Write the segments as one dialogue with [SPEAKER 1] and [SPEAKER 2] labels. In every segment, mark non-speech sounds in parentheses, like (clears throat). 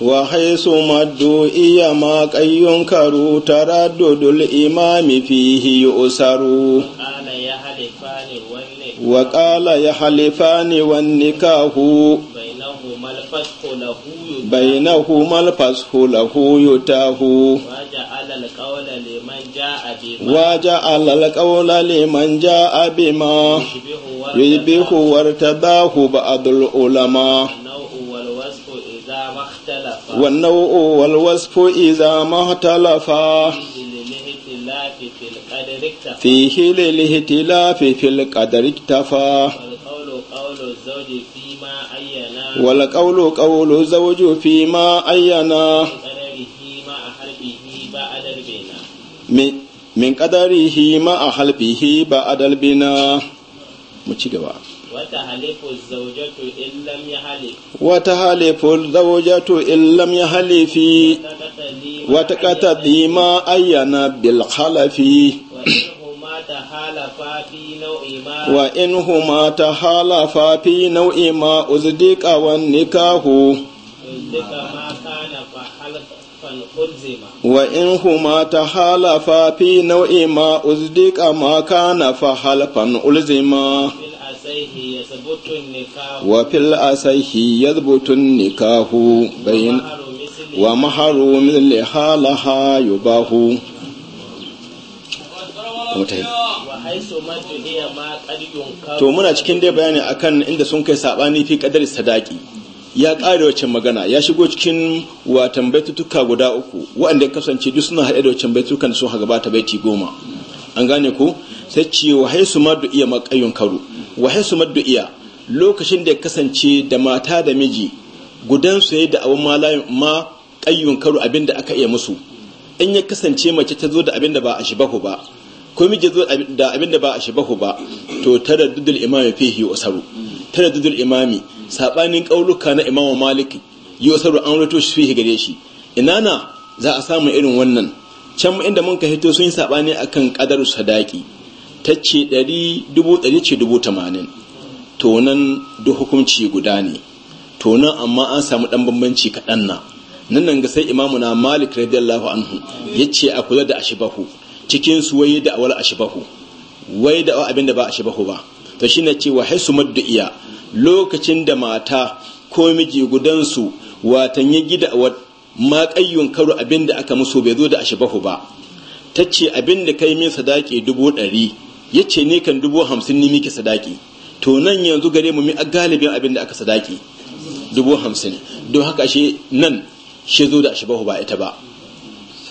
[SPEAKER 1] wa haisu maddu iya ma kayyun karu taraddudul imami fihi yusaru wa qala ya halifani wan nikahu
[SPEAKER 2] بينهما
[SPEAKER 1] الفسح له يتاه
[SPEAKER 2] وجعل
[SPEAKER 1] القول لمن جاء بما يشبه وارتداه بعض العلماء
[SPEAKER 2] والنوء
[SPEAKER 1] والوصف إذا ما اختلفا فيه للاهتلاف في القدر اكتفى
[SPEAKER 2] والقول قول
[SPEAKER 1] الزوج فيما أينا من قدره مع حلفه بعد البناء متشكرا
[SPEAKER 2] wata halifun zaujatu in
[SPEAKER 1] lam ya halifi wata kata dima ayyana bil khalafi wa in
[SPEAKER 2] huma ta halafa fi nau'i ma wa
[SPEAKER 1] in huma ta halafa fi nau'i ma uzdiqa ma kana
[SPEAKER 2] fa halfan ulzima
[SPEAKER 1] wa in huma ta halafa fi nau'i ma uzdiqa ma kana fa halfan ulzima وفي الأسيه يثبت النكاح بين ومهر مثل حالها يباه to muna cikin dai bayani akan inda sun kai sabani fi kadari sadaki ya kare wacce magana ya shigo cikin wa tambaytutuka guda uku waɗanda ya kasance duk suna haɗe da wacce baitukan sun haga ta baiti goma an gane ku sai ce wa haisu ma iya makayun karo wa hisu maddu'iya lokacin da ya kasance da mata da miji gudan su yayi da abun malayin ma kayyun karo abin aka iya musu in ya kasance mace ta zo da abin ba a shibahu ba ko miji zo da abin ba a shibahu ba to taraddudul imami fihi usaru taraddudul imami sabanin kauluka na imamu maliki yi usaru an rato shi fihi gare shi ina na za a samu irin wannan can inda mun ka hito sun yi sabani akan qadaru sadaki Tace ce dubu ɗari tamanin to nan duk hukunci guda ne to nan amma an samu ɗan bambanci kaɗan na nan nan ga sai imamu na malik radiyallahu anhu ya ce a kula da ashibahu cikin su waye da awal ashibahu wai da abin da ba ashibahu ba to shine ce wa haisu maddu'iya lokacin da mata ko miji gudansu watan ya gida wa maƙayyun karo abin da aka musu bai zo da ashibahu ba ta ce abin da kai min sadaki dubu ɗari ya ce ne kan dubu hamsin ne miki sadaki to nan yanzu gare mu mi a galibin abin da aka sadaki dubu hamsin don haka shi nan shi zo da shi ba ita ba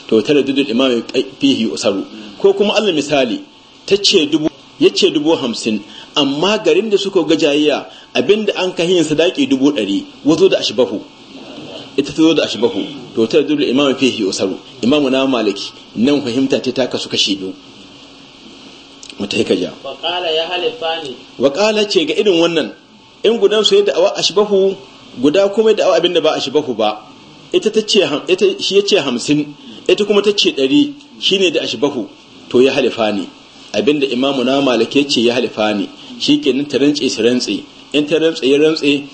[SPEAKER 1] to tare dudu imam fihi usaru ko kuma allah misali ta ce dubu ya ce dubu hamsin amma garin da suka ga jayayya abin da an kahin sadaki dubu ɗari wazo da ashibahu, ita ta zo da ashibahu, to tare dudu imam fihi usaru imamu na maliki nan fahimta ce ta kasu kashi biyu mata yi kaja
[SPEAKER 2] waƙala ya halifa ne
[SPEAKER 1] waƙala ce ga irin wannan in gudan su yadda awa ashbahu guda kuma yadda awa abinda ba ashbahu ba ita ta ce ita shi ya ce hamsin ita kuma ta ce ɗari ne da ashbahu to ya halifa ne abinda imamu na malake ce ya halifa ne shi ke nan ta rantse su rantse in ta rantse ya rantse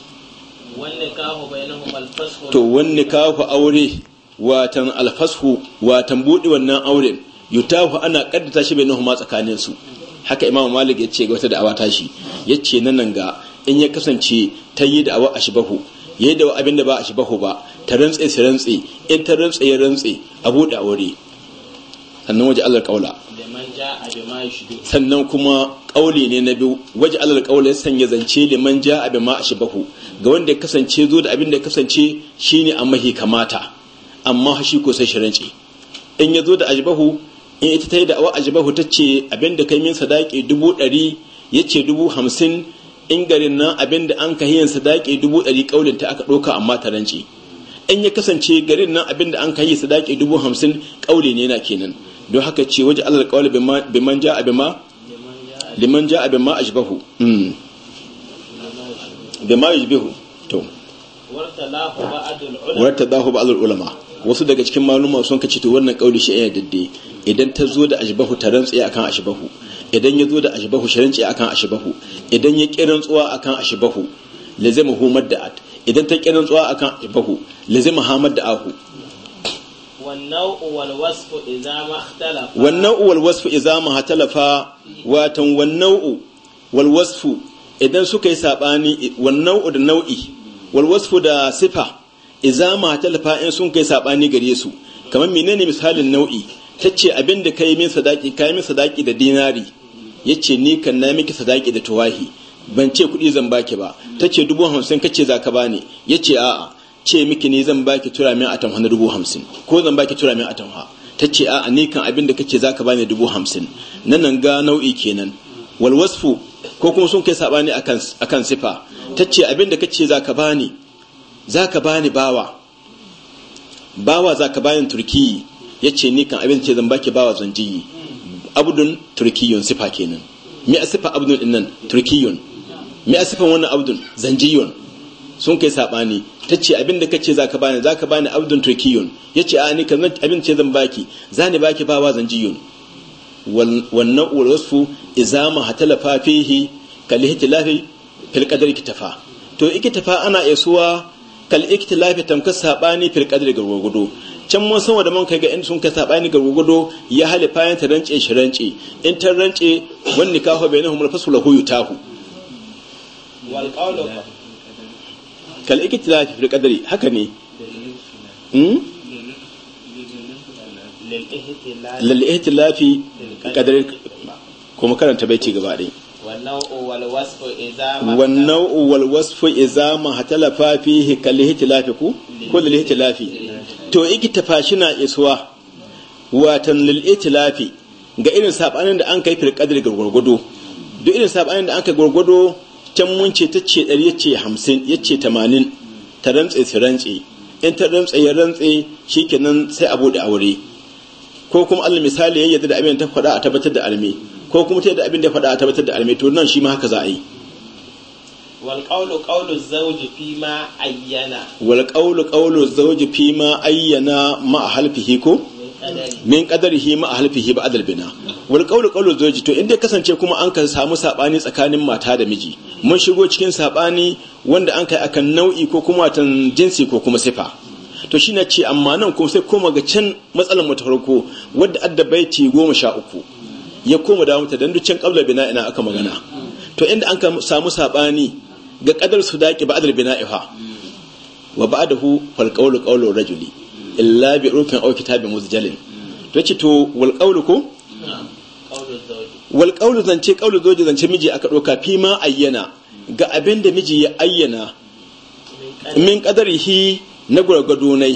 [SPEAKER 1] to wanne kawo aure watan alfashu watan buɗe wannan auren yutahu ana kaddata shi ma tsakanin su haka imamu malik ya ce ga wata da'awa tashi ya ce nan ga in ya kasance ta yi da'awa a bahu ya yi da'awa abin da ba a bahu ba ta rantse su rantse in ta rantse ya rantse a buɗe aure sannan waje allar kaula sannan kuma kauli ne na biyu waje allar kaula ya sanya zance man ja abi ma a bahu ga wanda ya kasance zo da abin da ya kasance shine a mahi kamata amma shi ko sai shi rance in ya zo da ajbahu in ita ta yi da'awa jibahu ta ce abin da kai min sadaki dubu ɗari ya ce dubu hamsin in garin nan abin da an kahiyan sadaki dubu ɗari ƙaunin ta aka ɗauka amma ta rance in ya kasance garin nan abin da an kahiyan sadaki dubu hamsin ƙauli ne na kenan don haka ce waje alal ƙauli biman ja abima liman ja a jibahu hmm. bima jibahu to warta dahu ba'adul ulama wasu daga cikin maluma sun kace to wannan kauli shi ya daddai idan ta zo da ashbahu ta rantsi akan ashbahu idan ya zo da ashbahu sharanci akan ashbahu idan ya kiran tsuwa akan ashbahu lazima hu madda'at idan ta kiran tsuwa akan ashbahu lazima ha madda'ahu
[SPEAKER 2] wannan uwal wasfu
[SPEAKER 1] idza ma talafa watan wannan wal wasfu idan suka yi sabani wannan da nau'i wal wasfu da sifa iza matalafa in sun kai sabani gare su kamar menene misalin nau'i tace abin da kai min sadaki kai min sadaki da dinari yace ni kan na miki sadaki da tuwahi ban ce kuɗi zan baki ba tace dubu hamsin kace zaka bani yace a'a ce miki ni zan baki tura min atamha na dubu hamsin ko zan baki tura min atamha tace a'a ni kan abin da kace zaka bani dubu hamsin nan nan ga nau'i kenan wal wasfu ko kuma sun kai sabani akan akan sifa tace abin da kace zaka bani za ka bani bawa bawa za ka bani turkiyi ya ce ni kan abin ce zan baki bawa zan jiyi Abudun turkiyun sifa kenan mi a sifa abudun din nan turkiyun mi a sifan wannan zan jiyun sun kai sabani ta ce abin da kace za ka bani za ka bani abudun turkiyun ya ce a ni kan abin ce zan baki za ni baki bawa zan jiyun wannan urasfu izama hatalafa fihi kalli hitilafi fil kitafa to ikitafa ana isuwa. kal iktilafi tamka sabani fil qadri ga gudu can mun san wanda mun kai ga in sun kai sabani ga gudu ya halifa yan rance shi rance in ta rance wan nikahu bainahum al faslu hu yutahu wal qawlu kal iktilafi fil qadri haka ne hmm lil ihtilafi qadri kuma karanta baiti gaba dai wannan uwal wasfu izama hatalafa fihi kalihtilafi ku ko lilihtilafi to ikitafa shina isuwa watan lilihtilafi ga irin sabanin da an kai fil qadr ga irin sabanin da an kai gurgudu can mun ce tace 100 yace 50 yace ta rantse su rantse in ta rantse ya rantse shikenan sai a buɗe aure ko kuma Allah misali yayyada da abin ta faɗa a tabbatar da almi ko kuma ta yadda abin da ya faɗa a tabbatar da almai to nan shi ma haka za a yi
[SPEAKER 2] wal qawlu qawlu zawji fi ma ayyana
[SPEAKER 1] wal qawlu qawlu zawji fi ma ayyana ma halfihi ko min qadarihi ma halfihi ba adal bina wal qawlu qawlu to inda kasance kuma an ka samu sabani tsakanin mata da miji mun shigo cikin sabani wanda an kai akan nau'i ko kuma tan jinsi ko kuma sifa to shi na ce amma nan kuma sai koma ga can matsalar mu ta farko wadda adda baiti goma sha uku ya koma da don dan duccen qabla bina'ina aka magana to inda an samu sabani ga qadar su daki ba adal bina'iha wa ba'dahu fal qawlu qawlu rajuli illa bi urfin aw kitabin muzjalin to yace to wal qawlu ko wal qawlu zance qawlu zoji zance miji aka doka fi ma ayyana ga abin da miji ya ayyana min qadarihi na gurgado nai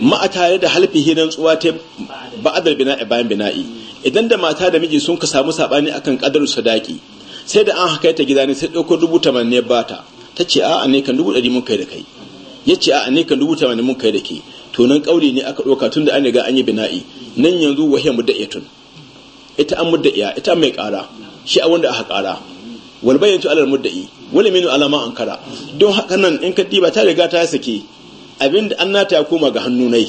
[SPEAKER 1] ma a tare da halfihi tsuwa ta ba'adar bina'i bayan bina'i idan da mata da miji sun ka samu sabani akan kadar sadaki sai da an haka ta gida ne sai dauko dubu tamanin ya bata ta ce a'a ne kan dubu ɗari mun kai da kai ya ce a'a ne kan dubu tamanin mun kai da ke to nan kauri ne aka ɗauka tun da an riga an yi bina'i nan yanzu wahiyar tun. ita an iya ita mai ƙara shi a wanda aka ƙara wal bayyantu alal mudda'i wal minu alama ankara don haka nan in ka diba ta riga ta sake abinda an nata ya koma ga hannu nai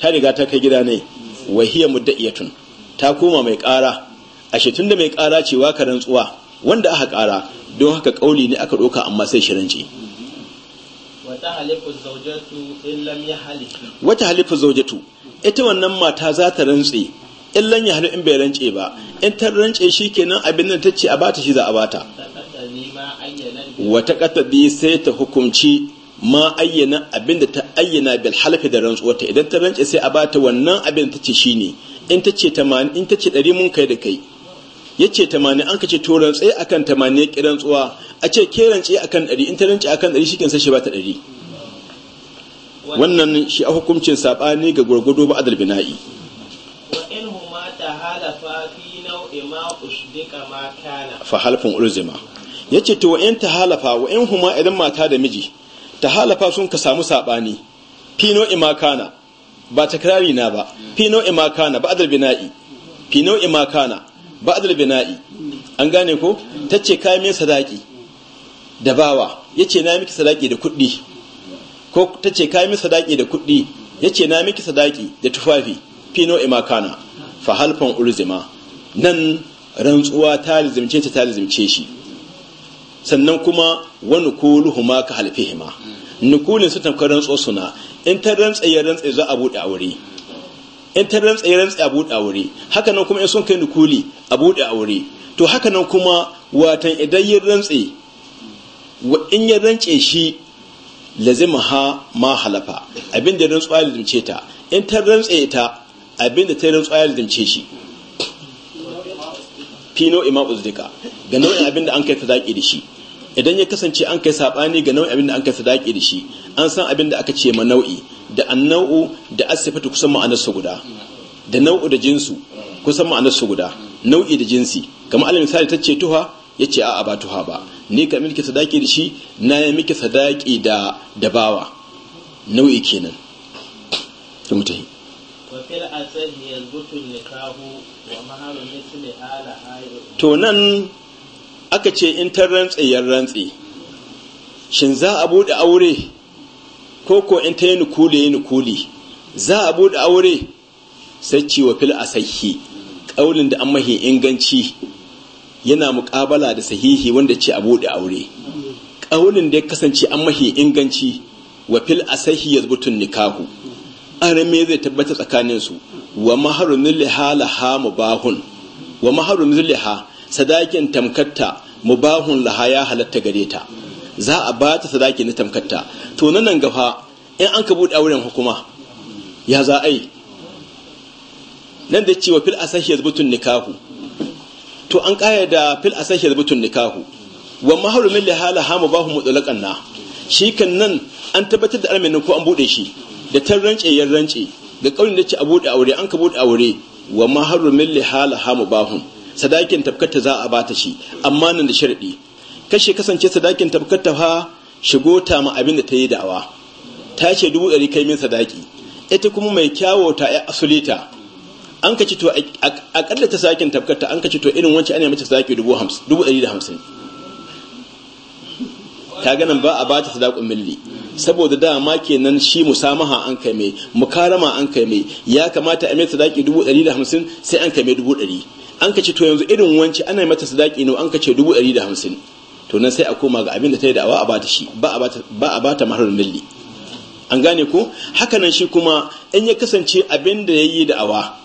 [SPEAKER 1] ta riga ta kai gida ne wahiyar mudda'iyatun ta koma mai ƙara ashe da mai ƙara ce waka rantsuwa wanda aka ƙara don haka ƙauli ne aka ɗauka amma sai shirinci wata halifu zaujatu ita wannan mata za ta rantse in lanya hali in bai rantse ba in ta rantse shi kenan abin da ta ce a bata shi za a bata wata katabi sai ta hukunci ma ayyana abin da ta ayyana bil halafi da rantsuwarta idan ta rantse sai a bata wannan abin da ta ce shi ne in ta ce in ta ce ɗari mun kai da kai ya ce tamanin an ka ce to a akan tamanin ya kiran tsuwa a ce ke a akan ɗari in ta a akan ɗari shi kinsa shi ba ta ɗari wannan shi a hukuncin saɓani ga gwargwado ba adal bina'i fa halfin ulzima ya ce to wa'in ta halafa wa'in huma idan mata da miji ta halafa sun ka samu saɓani fino ma kana ba takrari na ba fi nau'i ma kana adal bina'i fi nau'i ma kana adal bina'i an gane ko ce kayan min sadaki da bawa ya ce na miki sadaki da kuɗi ko ce kayan min sadaki da kuɗi ce na miki sadaki da tufafi fi nau'i ma kana fa halfan ulzima nan rantsuwa ta lizimce ta ta lizimce shi sannan kuma wani kuluhu ma ka halfihima nukulin su tamkar rantsuwa suna in ta rantsa ya rantsa za a buɗe aure in ta rantsa ya rantsa a buɗe aure haka nan kuma in sun kai nukuli a buɗe aure to haka nan kuma watan idan ya rantsa wa in ya rantsa shi lazima ha ma halafa abin da rantsuwa ya lazimce ta in ta rantsa ta abin da ta rantsuwa ya lazimce shi fino ima uzdika ga nau'in abin da an kai ta daƙi da shi idan ya kasance an kai saɓani ga nau'in abin da an kai sadaki da shi an san abin da aka ce ma nau'i da annau'u da asifatu kusan ma'anar su guda da nau'u da jinsu kusan ma'anar su guda nau'i da jinsi kamar alal misali tace tuha yace a'a ba tuha ba ni ka miki sadaki da shi na ya miki sadaki da dabawa nau'i kenan to mutahi to nan aka ce in tar rantsi rantsi shin za a bude aure ko ko in ta yi nukuli ya nukuli za a buɗe aure sai ciwo fil asahi ƙaunin da an mahi inganci yana muƙabala da sahihi wanda ce a buɗe aure Ƙaunin da ya kasance an mahi inganci wa fil asahi ya zubutun nikahu arame zai tabbata tsakaninsu wa maharun liha laha mubahun wa maharun liha sadakin tamkatta mubahun laha ya halatta gare ta za a ba ta sadaki na tamkatta to nan nan gafa in an ka bude auren hukuma ya za a yi nan da cewa fil asahi yazbutun nikahu to an kaya da fil asahi yazbutun nikahu wa mahru min lihala hamu bahu mutlaqan na shi kan nan an tabbatar da almin ko an buɗe shi da tan rance yan rance da ƙaunin da ce a buɗe aure an ka bude aure wa mahru min lihala hama bahun sadakin tabkata za a bata shi amma nan da sharadi kashe kasance sadakin tabkar ta fa shigo ta ma abin da ta yi da'awa ta ce dubu ɗari kai min sadaki ita kuma mai kyawo ta ya asulita an ka cito to a ƙalla ta sadakin tabkar ta an ka cito to irin wancan ana mace sadaki dubu ɗari da hamsin ta ganin ba a ba ta sadakun milli saboda da ma kenan shi musamaha an kai mai mukarama an kai mai ya kamata a mai sadaki dubu ɗari da hamsin sai an kai mai dubu ɗari an ka cito to yanzu irin wance ana mata sadaki ne an ka ce dubu ɗari da hamsin to nan sai a koma ga abin da ta yi da'awa a bata shi ba a bata mahar milli an gane ko hakanan shi kuma in ya kasance abin da ya yi da'awa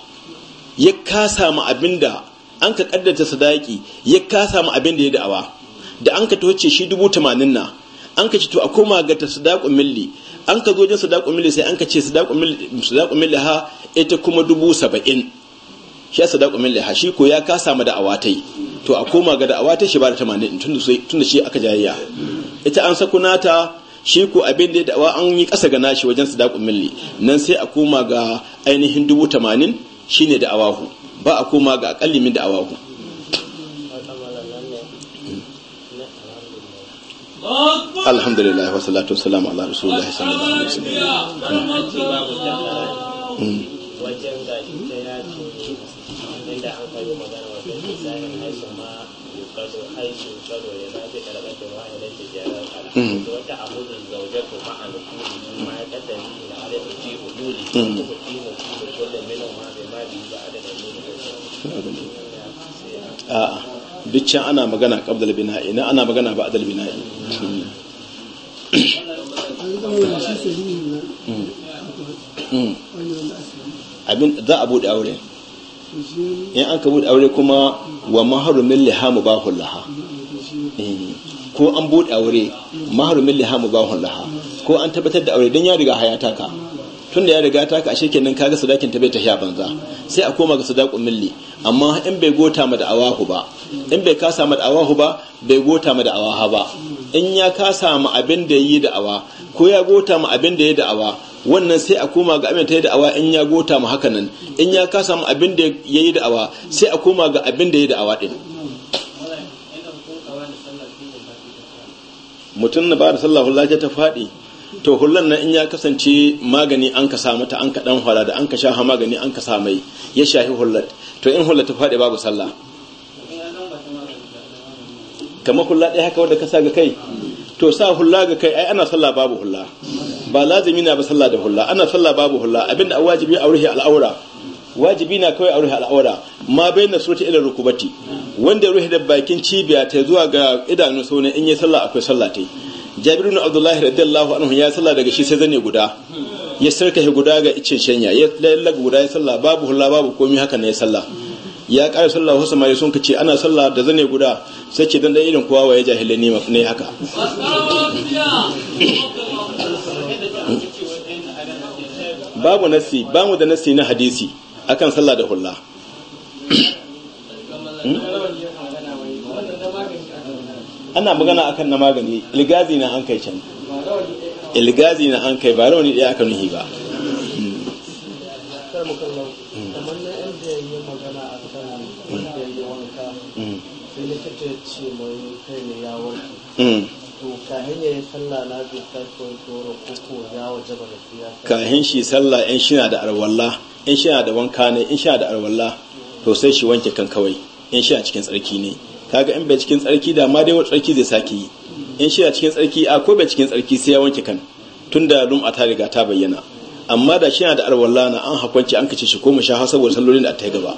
[SPEAKER 1] ya kasa ma abin da an ka kaddata sadaki ya kasa ma abin da ya da'awa da an ka toce shi dubu tamanin na an ka ce to a koma ga ta sadakun milli an ka zo jin sadakun milli sai an ka ce sadakun milli ha ita kuma dubu saba'in shi yasa da min laha shi ko ya kasa ma da awatai to a koma ga da awatai shi ba da tamanin tun da shi aka jayayya ita an saku nata shi ko abin da dawa an yi kasa ga nashi wajen min li nan sai a koma ga ainihin dubu tamanin shine da awahu ba a koma ga akalli min da awahu alhamdulillah wa salatu wa salam ala rasulullahi sallallahu alaihi
[SPEAKER 2] wasallam wajen da shi ta ya ce inda an magana hmm. wata ke ma haisu ya za ta karɓar da ma ma ya ni na hmm.
[SPEAKER 1] bi ba ana magana bina'i na ana magana ba adal abin za a bude aure in an ka bude aure kuma wa mahrumin ba mubahul laha eh, ko an bude aure mahrumin ba mubahul laha ko an tabbatar da aure don ya riga hayata ka tun da ya riga ta ka shirkin nan kaga sadakin ta bai tafiya banza sai a koma ga sadakun milli amma in bai gota ma da awahu ba in bai kasa ma da awahu ba bai gota ma da awaha ba in ya kasa ma abin da yi da awa ko ya gota ma abin da yi da awa wannan sai a koma ga abin ta yi da'awa in ya gota mu haka nan in ya kasa mu abin da ya yi da'awa sai a koma ga abin da ya yi da'awa din mutum na ba da sallah hula ta faɗi to hullan nan in ya kasance magani an ka samu ta an ka dan hula da an ka sha magani an ka samai ya shahi hullar to in hullar ta faɗi babu sallah kamar hulla ɗaya haka wadda ka sa ga kai to sa hula ga kai ai ana sallah babu hulla ba lazimi na ba sallah da hulla ana sallah babu hulla abinda a wajibi a ruhi al'aura wajibi na kawai a ruhi al'aura ma bai na sota ila rukubati wanda ruhi da bakin cibiya ta zuwa ga idanu sauna in yi sallah akwai sallah ta jabiru na abdullahi radiyallahu anhu ya sallah daga shi sai zane guda ya sarkahe guda ga icin shanya ya lalaga guda ya sallah babu hula babu komi haka na ya sallah ya ƙara sallah wasu samari sun ka ce ana sallah da zane guda sai ce dan irin kowa waye jahilai ne haka babu nasi ba mu da nasi na hadisi akan sallah da hulla ana magana akan na magani ilgazi na an kai can ilgazi na an kai ba rauni ɗaya aka nuhi ba hmm.
[SPEAKER 3] kamar na
[SPEAKER 2] magana Hmm.
[SPEAKER 3] kahin
[SPEAKER 1] shi sallah in shi na da arwalla in shi na da wanka ne in shi na da arwalla to sai shi wanke kan kawai in shi na cikin tsarki ne kaga in bai cikin tsarki da ma dai wani tsarki zai sake yi in shi na cikin tsarki a ko bai cikin tsarki sai ya wanke kan tun da lum'a ta riga ta bayyana amma da shi na da arwalla na an hakwanci an kace shi ko mu sha saboda sallolin da ta gaba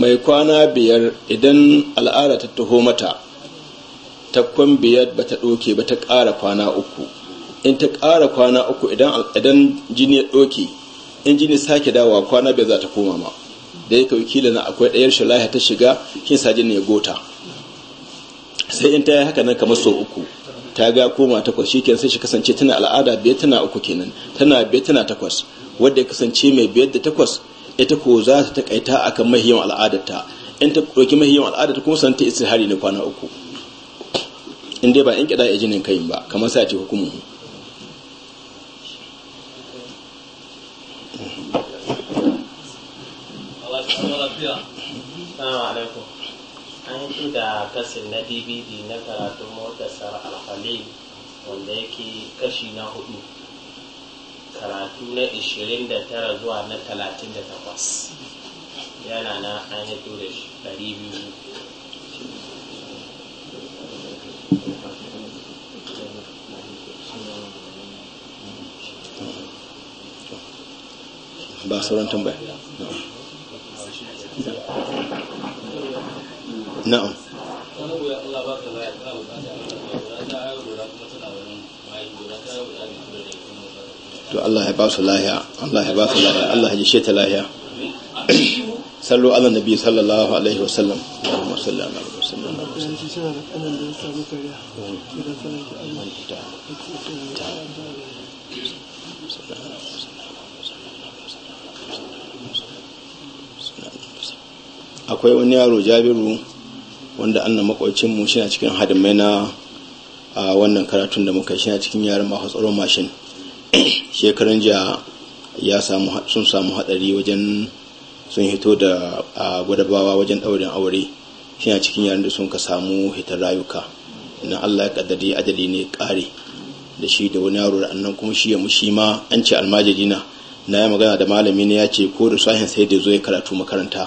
[SPEAKER 1] mai kwana biyar idan al'ada ta taho mata takwan biyar ba ta ɗoke ba ta ƙara kwana uku in ta ƙara kwana uku idan jini ya ɗoke in jini sake dawa kwana biyar za ta koma ma da ya kawai na akwai ɗayar shalaha ta shiga kin sa jini ya gota sai in ta yi haka nan kamar sau uku ta ga koma takwas shi sai shi kasance tana al'ada biyar tana uku kenan tana biyar tana takwas wadda ya kasance mai biyar da takwas ita ko za ta takaita kan mahiyan al'adarta in ta ɗauki mahiyan al'adarta kuma san ta istihari na kwana uku in dai ba in kiɗa ya jinin kai ba kamar sa ce hukumu
[SPEAKER 2] an yi da kasin na dvd na karatun motar sar alhalin wanda yake kashi na hudu karatu na 29 zuwa na 38 yana na an hito da 200
[SPEAKER 1] ba sauran tambaya na'am to Allah ya ba su lahiya Allah ya ba su lahiya Allah ya jishe ta lahiya
[SPEAKER 3] (clears throat)
[SPEAKER 1] sallu ala nabi sallallahu alaihi wa sallam Allahumma salli ala nabi akwai wani yaro jabiru wanda annan makwacinmu shi na cikin hadimai na a wannan karatun da muka shi cikin yaran masu mashin shekaran jiya ya sun samu hadari wajen sun hito da gwadabawa wajen daurin aure shi a cikin yaren da sun ka samu hitar rayuka na Allah ya kaddari adali ne kare da shi da wani yaro da annan kuma shi ya mushi ma an ce almajirina na na ya magana da malami ne ya ce ko da sahin sai da zo ya karatu makaranta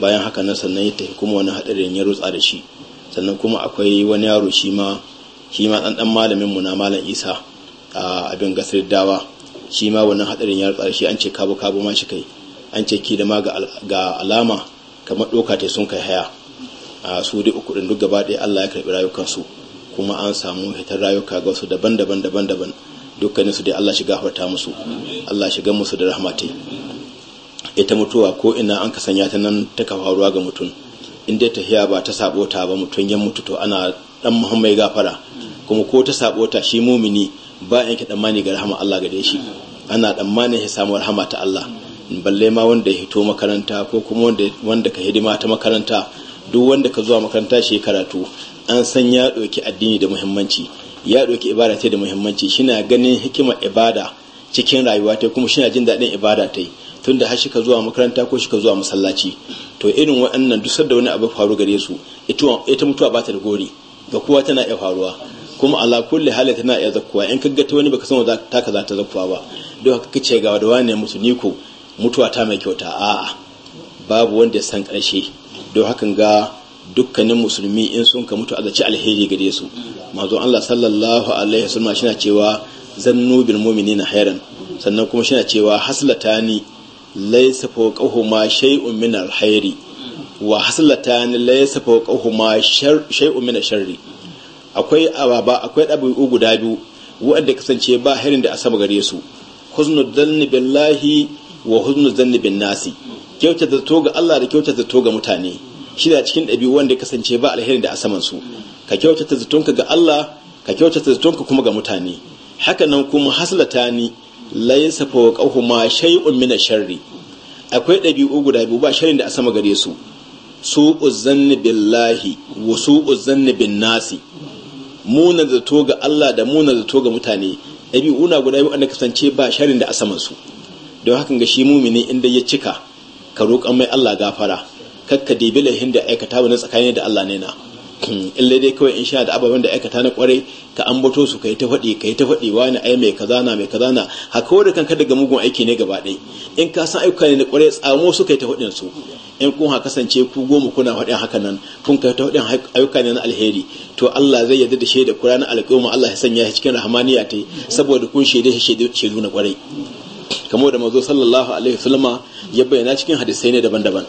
[SPEAKER 1] bayan haka na sannan ya tafi kuma wani hadarin ya rutsa da shi sannan kuma akwai wani yaro shi ma shi ma dan dan malamin mu na malam Isa a abin gasar dawa shi ma wannan hatsarin ya rutsa shi an ce kabo kabo ma shi kai an ce ki da ma ga alama kamar doka ta sun kai haya a su dai uku din duk gaba ɗaya Allah ya karbi rayukansu kuma an samu hitar rayuka ga wasu daban-daban daban-daban dukkanin su dai Allah shi gafarta musu Allah shiga musu da rahmati ita mutuwa ko ina an ka sanya ta nan ta ruwa ga mutum in dai tahiya ba ta sabota ba mutum 'yan mutu to ana dan muhammai gafara kuma ko ta sabota shi mumini ba yanke tsammani ga rahama Allah gare shi ana tsammanin ya samu rahama ta Allah balle ma wanda ya hito makaranta ko kuma wanda ka hidima ta makaranta duk wanda ka zuwa makaranta shi karatu an san ya doki addini da muhimmanci ya doki ibada ta da muhimmanci shina ganin hikima ibada cikin rayuwa ta kuma shina jin daɗin ibada ta tunda tun da har shika zuwa makaranta ko shi ka zuwa masallaci to irin waɗannan duk da wani abu faru gare su ita mutuwa ba ta da gori ga kowa tana iya faruwa kuma ala kulli hali tana iya zakkuwa in ka gata wani baka san ta kaza ta zakkuwa ba don haka kace ga da wani mutu ni ko mutuwa ta mai kyauta a'a babu wanda ya san karshe don hakan ga dukkanin musulmi in sun ka mutu azaci alheri gare su mazo Allah sallallahu alaihi wasallam shi na cewa zannu bil mu'minina hairan. sannan kuma shi na cewa haslatani laysa fawqahuma shay'un min alkhairi wa haslatani laysa fawqahuma shay'un min sharri akwai ababa akwai ɗabi'u guda biyu waɗanda kasance ba harin da a sama gare su huznu zanni billahi wa huznu zanni bin nasi kyauta da to ga Allah da kyauta da to ga mutane shi da cikin ɗabi'u wanda kasance ba alherin da saman su ka kyauta da zatonka ga Allah ka kyauta da zatonka kuma ga mutane haka nan kuma haslata ni laysa fawqahuma shay'un min sharri akwai ɗabi'u guda biyu ba sharrin da a asama gare su su'u zanni billahi wa su'u zanni bin nasi muna zato ga Allah da muna zato ga mutane una guda biyu na kasance ba sharin da asaman su don hakan ga shi mumini inda ya cika ka roƙan mai Allah gafara kakka dibi hinda da aikata wani tsakani da Allah ne na in mm, dai kawai in sha da ababen da aikata na kwarai ka ambato su kai ta faɗi kai ta faɗi wani ai mai kaza na mai kaza na haka kan kanka daga mugun aiki ne gaba ɗaya in ka san ayyuka ne na kwarai tsamo su kai ta faɗin su in kun haka kasance ku goma kuna faɗin haka nan kun kai ta faɗin ayyuka ne na alheri to Allah zai yarda da shaida kura na alƙiyama Allah ya sanya shi cikin rahmaniya ta saboda kun shaida shi shaidu na kwarai kamar da mazo sallallahu alaihi wasallama ya bayyana cikin hadisai ne daban-daban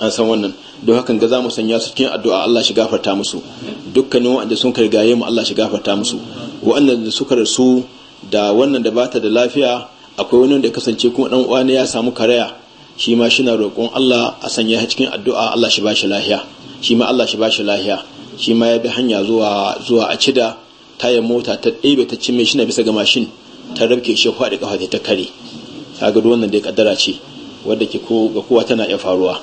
[SPEAKER 1] an san wannan don hakan ga za mu sanya su cikin addu'a Allah shi gafarta musu dukkanin wanda sun kai gaye mu Allah shi gafarta musu da suka rasu da wannan da bata da lafiya akwai wani da kasance kuma dan uwa ne ya samu karaya shi ma shi na roƙon Allah a sanya shi cikin addu'a Allah shi bashi lahiya shi ma Allah shi bashi lahiya shi ma ya bi hanya zuwa zuwa a cida tayar mota ta ɗebe ta cime shi na bisa ga mashin ta rabke shi kwaɗe ƙafa ta kare kaga wannan da ya kaddara ce wadda ke ko ga kowa tana iya faruwa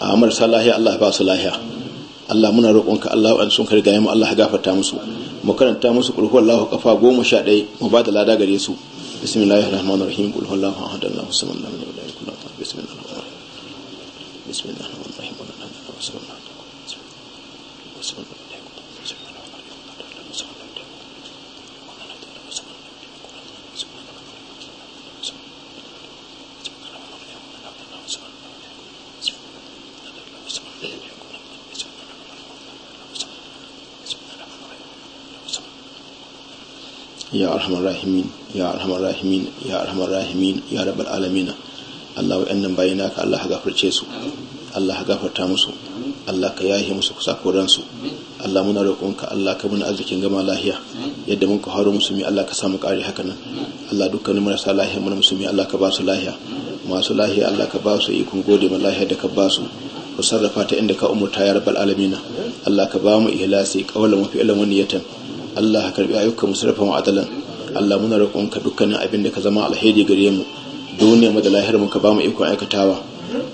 [SPEAKER 1] a marasa lahiya Allah ba su lahiya Allah muna roƙonka Allah an sun karga mu Allah gafarta musu mu karanta musu qul huwallahu kafa goma sha mu ba da lada gare su bismillahir rahmanir rahim qul huwallahu ahad Allahu samad lam yalid walam bismillahir rahmanir
[SPEAKER 3] rahim bismillahir rahmanir rahim qul huwallahu ahad samad lam yalid walam
[SPEAKER 1] ya arhamar rahimin ya arhamar rahimin ya arhamar rahimin ya rabbal alamina. Allah wa'annan bayin naka Allah ka gafarce su Allah ka gafarta musu Allah ka yahe musu kusakuran su Allah muna roƙonka Allah ka muna arzikin gama lahiya yadda mun ka haro musulmi Allah ka samu ƙari haka nan Allah dukkanin marasa lahiya muna musulmi Allah ka ba su lahiya masu lahiya Allah ka ba su ikon gode ma lahiya da ka ba su ku sarrafa ta inda ka umurta ya rabbal alamin Allah ka ba mu ihlasi ka wala mafi wa niyatan Allah ka karbi ayyukan mu sarrafa mu adalan Allah muna roƙon ka dukkanin abin da ka zama alheri gare mu duniya mu da lahira mu ka ba mu iko aikatawa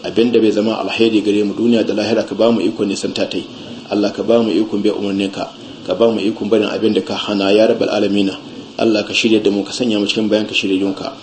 [SPEAKER 1] abin da bai zama alheri gare mu duniya da lahira ka ba mu iko ne ta tatai Allah ka ba mu iko bai umarnin ka
[SPEAKER 3] ka ba mu iko barin abin da ka hana ya rabbal alamina Allah ka shirya da mu ka sanya mu cikin bayan ka yunka.